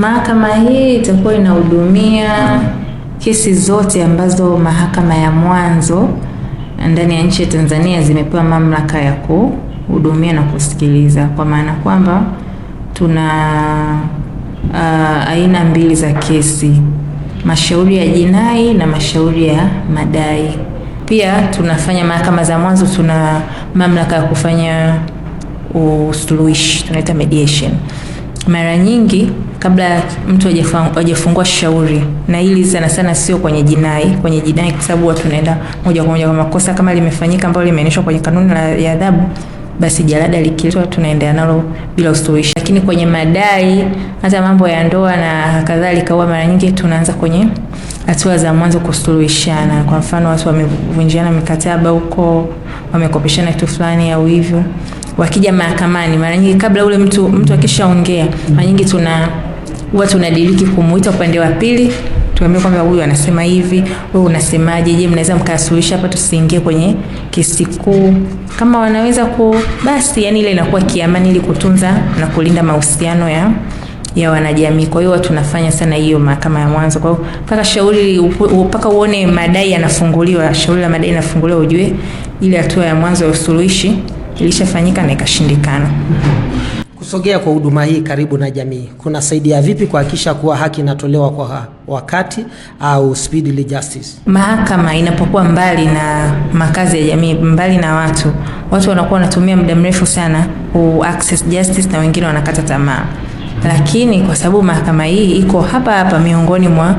Mahakama hii itakuwa inahudumia kesi zote ambazo mahakama ya mwanzo ndani ya nchi ya Tanzania zimepewa mamlaka ya kuhudumia na kusikiliza, kwa maana kwamba tuna uh, aina mbili za kesi, mashauri ya jinai na mashauri ya madai. Pia tunafanya mahakama za mwanzo, tuna mamlaka ya kufanya usuluhishi, tunaita mediation. Mara nyingi kabla mtu hajafungua shauri, na hili sana sana sio kwenye jinai. Kwenye jinai kwa sababu watu naenda moja kwa moja kwa makosa kama limefanyika ambayo limeanishwa kwenye kanuni ya adhabu basi jalada likiletwa tunaendea nalo bila usuluhishi. Lakini kwenye madai, hata mambo ya ndoa na kadhalika, huwa mara nyingi tunaanza kwenye hatua za mwanzo kusuluhishana. Kwa mfano, watu wamevunjiana mikataba huko, wamekopeshana kitu fulani au hivyo, wakija mahakamani, mara nyingi kabla ule mtu mtu akishaongea, mara nyingi tuna huwa tunadiriki kumuita upande wa pili tuambie kwamba huyu anasema hivi, wewe unasemaje? Je, mnaweza mkasuluhisha hapa tusiingie kwenye kesi kuu? Kama wanaweza ku basi, yani ile inakuwa kiamani, ili kutunza na kulinda mahusiano ya ya wanajamii. Kwa hiyo watu tunafanya sana hiyo mahakama ya mwanzo. Kwa hiyo mpaka shauri mpaka uone madai yanafunguliwa, shauri la madai inafunguliwa ujue ile hatua ya mwanzo ya usuluhishi ilishafanyika na ikashindikana. Kusogea kwa huduma hii karibu na jamii kunasaidia vipi kuhakikisha kuwa haki inatolewa kwa wakati au speedily justice? Mahakama inapokuwa mbali na makazi ya jamii, mbali na watu, watu wanakuwa wanatumia muda mrefu sana ku access justice na wengine wanakata tamaa, lakini kwa sababu mahakama hii iko hapa hapa miongoni mwa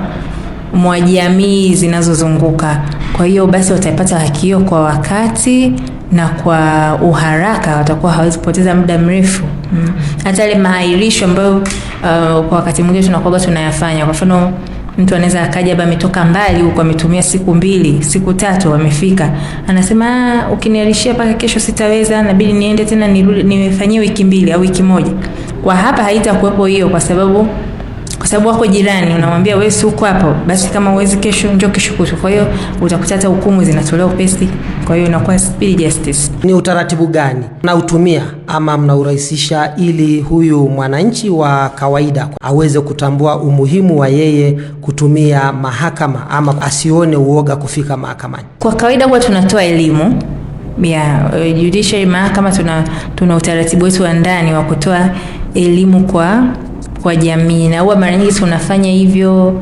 mwa jamii zinazozunguka kwa hiyo basi wataipata haki hiyo kwa wakati na kwa uharaka, watakuwa hawezi kupoteza muda mrefu hata mm. Hata yale maairisho ambayo uh, kwa wakati mwingine tunakuwa tunayafanya, kwa mfano mtu anaweza akaja labda ametoka mbali huko, ametumia siku mbili siku tatu, amefika anasema, ah, ukiniarishia mpaka kesho sitaweza, nabidi niende tena nirudi, nimefanyia wiki mbili au wiki moja. Kwa hapa haitakuwepo hiyo, kwa sababu kwa sababu wako jirani, unamwambia wewe si uko basi kama uwezi kesho, njoo kesho kutwa. Kwa hiyo utakuta hata hukumu zinatolewa upesi, kwa hiyo inakuwa speed justice. Ni utaratibu gani mnautumia ama mnaurahisisha ili huyu mwananchi wa kawaida aweze kutambua umuhimu wa yeye kutumia mahakama ama asione uoga kufika mahakamani? Kwa kawaida huwa tunatoa elimu ya eh, judiciary mahakama, tuna, tuna utaratibu wetu wa ndani wa kutoa elimu kwa kwa jamii, na huwa mara nyingi tunafanya hivyo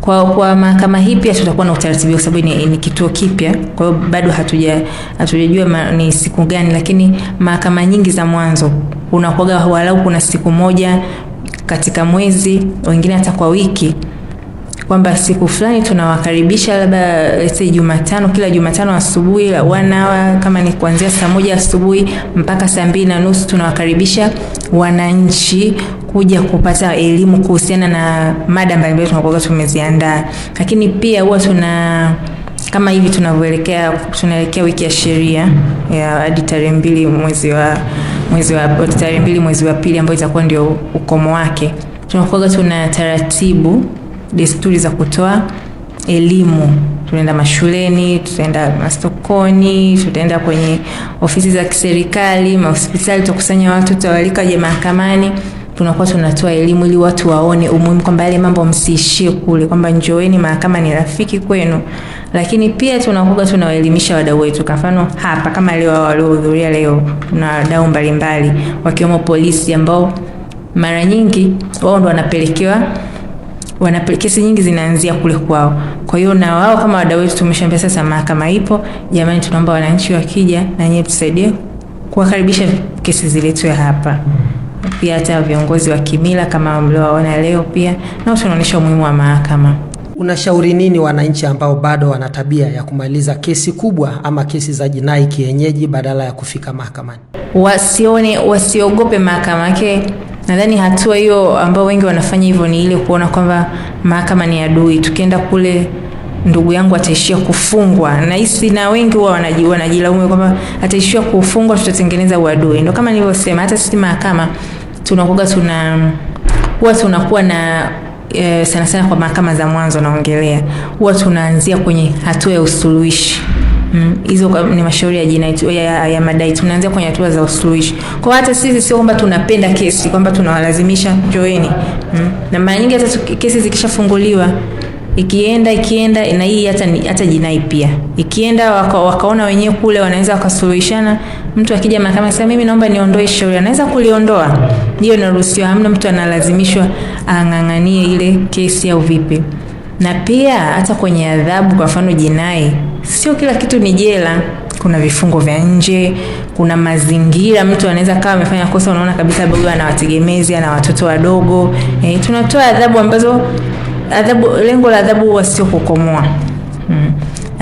kwa, kwa mahakama hii pia tutakuwa na utaratibu kwa sababu ni, ni kituo kipya, kwa hiyo bado hatuja hatujajua ni siku gani, lakini mahakama nyingi za mwanzo unakuwaga walau kuna siku moja katika mwezi, wengine hata kwa wiki kwamba siku fulani tunawakaribisha labda let's Jumatano, kila Jumatano asubuhi wanawa kama ni kuanzia saa moja asubuhi mpaka saa mbili na nusu tunawakaribisha wananchi kuja kupata elimu kuhusiana na mada mbalimbali tunakuwa tumeziandaa, lakini pia huwa tuna kama hivi tunavyoelekea tunaelekea wiki ya sheria ya hadi tarehe mbili mwezi wa mwezi wa tarehe mbili mwezi wa pili ambayo itakuwa ndio ukomo wake, tunakuwa tuna taratibu desturi za kutoa elimu. Tunaenda mashuleni, tutaenda masokoni, tutaenda kwenye ofisi za kiserikali, mahospitali, tutakusanya watu, tutawalika je mahakamani tunakuwa tunatoa elimu ili watu waone umuhimu kwamba yale mambo msiishie kule, kwamba njoeni mahakama ni rafiki kwenu. Lakini pia tunakuwa tunawaelimisha wadau wetu, kwa mfano hapa kama leo waliohudhuria leo, tuna wadau mbalimbali wakiwemo polisi ambao mara nyingi wao ndo wanapelekewa wana kesi nyingi zinaanzia kule kwao. Kwa hiyo na wao kama wadau wetu tumeshaambia sasa mahakama ipo, jamani, tunaomba wananchi wakija na nyie tusaidie kuwakaribisha kesi ziletwe hapa. Pia hata viongozi wa kimila kama mliowaona leo, pia nao tunaonyesha umuhimu wa mahakama. Unashauri nini wananchi ambao bado wana tabia ya kumaliza kesi kubwa ama kesi za jinai kienyeji badala ya kufika mahakamani? Wasione, wasiogope mahakama yake Nadhani hatua hiyo ambao wengi wanafanya hivyo ni ile kuona kwamba mahakama ni adui, tukienda kule ndugu yangu ataishia kufungwa. Nahisi na wengi huwa wanajilaumu kwamba ataishia kufungwa, tutatengeneza uadui. Ndio kama nilivyosema, hata sisi mahakama tunakuwa tuna huwa tunakuwa na e, sana sana kwa mahakama za mwanzo naongelea, huwa tunaanzia kwenye hatua ya usuluhishi. Mm, hizo mm, ni mashauri ya jinai ya, ya madai. Tunaanzia kwenye hatua za usuluhishi. Kwa hata sisi sio kwamba tunapenda kesi kwamba tunawalazimisha njoeni, mm, na mara nyingi hata kesi zikishafunguliwa ikienda ikienda na hii hata hata jinai pia ikienda waka, wakaona wenyewe kule wanaweza wakasuluhishana. Mtu akija mahakama sasa, mimi naomba niondoe shauri, anaweza kuliondoa, ndio inaruhusiwa. Hamna mtu analazimishwa ang'ang'anie ile kesi au vipi. Na pia hata kwenye adhabu, kwa mfano jinai sio kila kitu ni jela. Kuna vifungo vya nje, kuna mazingira. Mtu anaweza kawa amefanya kosa, unaona kabisa bado anawategemezi na ana watoto wadogo. E, tunatoa adhabu ambazo adhabu, lengo la adhabu huwa sio kukomoa. Hmm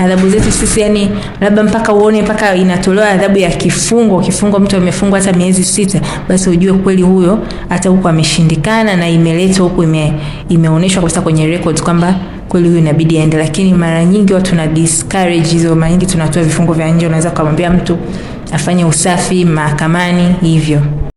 adhabu zetu sisi, yani labda mpaka uone mpaka inatolewa adhabu ya kifungo. Kifungo mtu amefungwa hata miezi sita, basi ujue kweli huyo hata huko ameshindikana, na imeletwa huko, ime, imeonyeshwa kabisa kwenye record kwamba kweli huyo inabidi aende. Lakini mara nyingi watu na discourage hizo, mara nyingi tunatoa vifungo vya nje, unaweza kumwambia mtu afanye usafi mahakamani hivyo.